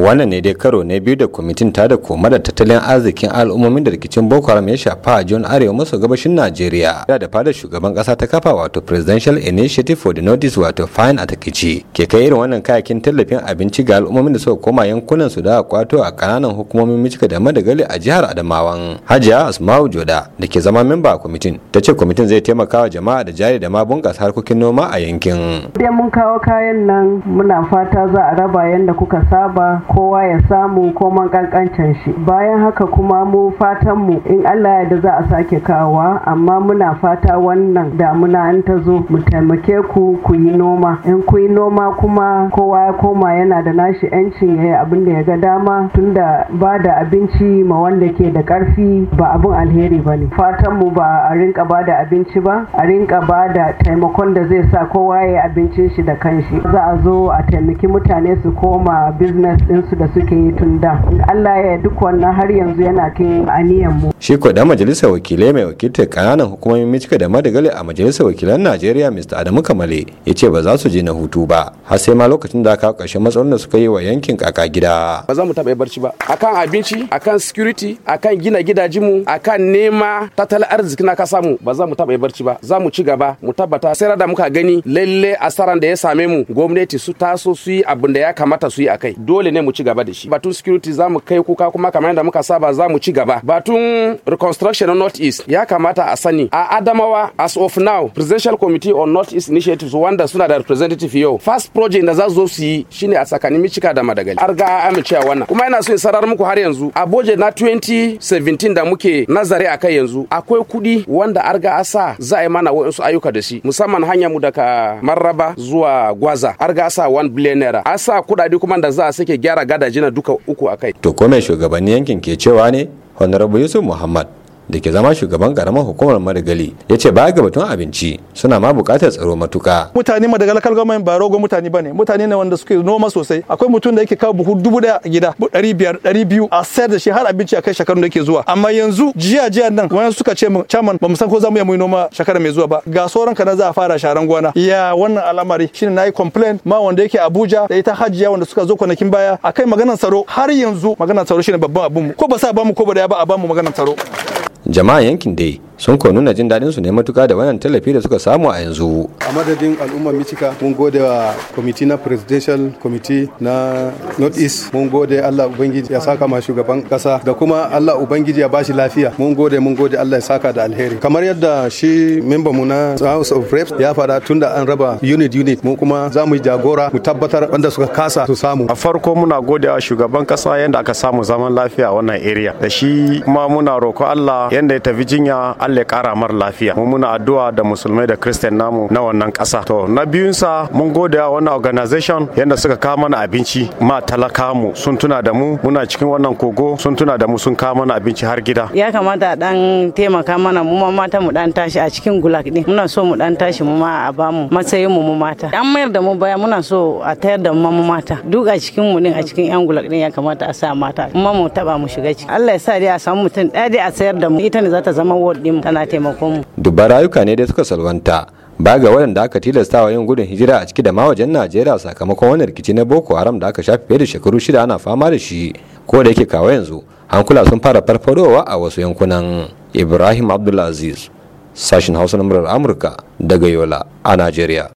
wannan ne dai karo na biyu da kwamitin ta da koma da tattalin arzikin al'ummomin da rikicin boko haram ya shafa a jihun arewa maso gabashin najeriya da da fadar shugaban kasa ta kafa wato presidential initiative for the notice wato fine a takici ke kai irin wannan kayakin tallafin abinci ga al'ummomin da suka koma yankunan su da kwato a kananan hukumomin mijika da madagali a jihar adamawan hajiya asma'u joda da ke zama memba a kwamitin ta ce kwamitin zai taimaka wa jama'a da jari da ma bunƙasa harkokin noma a yankin. Idan mun kawo kayan nan muna fata za a raba yadda kuka saba kowa ya samu koman kankancin shi bayan haka kuma mu fatan mu in Allah ya da za a sake kawowa amma muna fata wannan damuna an ta zo mu taimake ku ku yi noma in ku yi noma kuma kowa ya koma yana da nashi yancin ya yi abin da ya ga dama tunda ba da abinci ma wanda ke da karfi ba abin alheri ba ne fatan mu ba a rinka ba da abinci ba a rinka ba da taimakon da zai sa kowa ya yi abincin shi da kanshi za a zo a taimaki mutane su koma business din su da suke yi tun da Allah ya duk wannan har yanzu yana cikin aniyan mu shi ko dan majalisar wakilai mai wakiltar kananan hukumomin Michigan da Madagali a majalisar wakilan Najeriya Mr. Adamu Kamale ya ce ba za su je na hutu ba har sai ma lokacin da aka kashe matsalolin da suka yi wa yankin kaka gida ba za mu taɓa barci ba akan abinci akan security akan gina gidajenmu akan nema tattalin arziki na kasa mu ba za mu taɓa barci ba za mu ci gaba mu tabbata sai da muka gani lalle asaran da ya same mu gwamnati su taso su yi abin da ya kamata su yi akai dole ne ne mu ci gaba da shi batun security za mu kai kuka kuma kamar yadda muka saba za mu ci gaba batun reconstruction north east ya kamata a sani a adamawa as of now presidential committee on north east initiatives wanda suna da representative yau first project da za su zo su yi shine a tsakanin michika da madagali har ga amincewa wannan kuma yana so in sarar muku har yanzu a budget na 2017 da muke nazari a kai yanzu akwai kuɗi wanda har ga asa za a yi mana wa'insu ayyuka da shi musamman hanyar mu daga marraba zuwa gwaza har ga asa 1 billion naira asa kuɗaɗe kuma da za a sake gyara gadaji na duka uku a kai to kome shugabannin yankin ke cewa ne honorable yusuf muhammad da ke zama shugaban karamar hukumar madagali ya ce baya ga batun abinci suna ma bukatar tsaro matuka mutane daga lakal gwamnati ba rogo mutane ne mutane ne wanda suke noma sosai akwai mutum da yake kawo buhu dubu daya a gida ɗari biyar ɗari biyu a sayar da shi har abinci a kai shekarun da ke zuwa amma yanzu jiya jiya nan wani suka ce min caman ba mu san ko za mu iya mu noma shekara mai zuwa ba ga sauran kana za a fara sharan gona ya wannan al'amari shine yi complain ma wanda yake Abuja da ita Hajiya wanda suka zo kwanakin baya akai maganar tsaro har yanzu maganar tsaro shine babban abun mu ko ba sa ba mu ko ba da ba a ba mu maganar tsaro jama'a yankin dai sun ko nuna jin daɗin su ne matuka da wannan tallafi da suka samu a yanzu a madadin al'ummar michika mun gode wa kwamiti na presidential committee na north east mun gode allah ubangiji ya saka ma shugaban kasa da kuma allah ubangiji ya bashi lafiya mun gode mun gode allah ya saka da alheri kamar yadda shi memba mu na house of reps ya tun da an raba unit unit mu kuma za mu jagora mu tabbatar wanda suka kasa su samu a farko muna gode wa shugaban kasa yadda aka samu zaman lafiya a wannan area da shi kuma muna roƙo allah yadda ya tafi jinya Allah ya kara mar lafiya mu muna addu'a da musulmai da kristiyan namu na wannan kasa to na biyun sa mun gode wa wannan organization yanda suka kawo mana abinci ma talaka mu sun tuna da mu muna cikin wannan kogo sun tuna da mu sun kawo mana abinci har gida ya kamata a dan taimaka mana mu mata mu dan tashi a cikin gulag din muna so mu dan tashi mu ma a ba mu. matsayin mu mu mata an mayar da mu baya muna so a tayar da mu mata duk a cikin mu din a cikin yan gulag din ya kamata a sa mata mu mu taba mu shiga ciki Allah ya sa dai a samu mutum ɗaya dai a sayar da mu ita ne za ta zama ward din tana taimakon mu dubban rayuka ne dai suka salwanta ba ga waɗanda aka tilastawa yin gudun hijira a ciki da ma wajen najeriya sakamakon wani rikici na boko haram da aka shafe fiye da shekaru shida ana fama da shi ko da yake kawo yanzu hankula sun fara farfadowa a wasu yankunan ibrahim abdulaziz sashin hausa na murar amurka daga yola a najeriya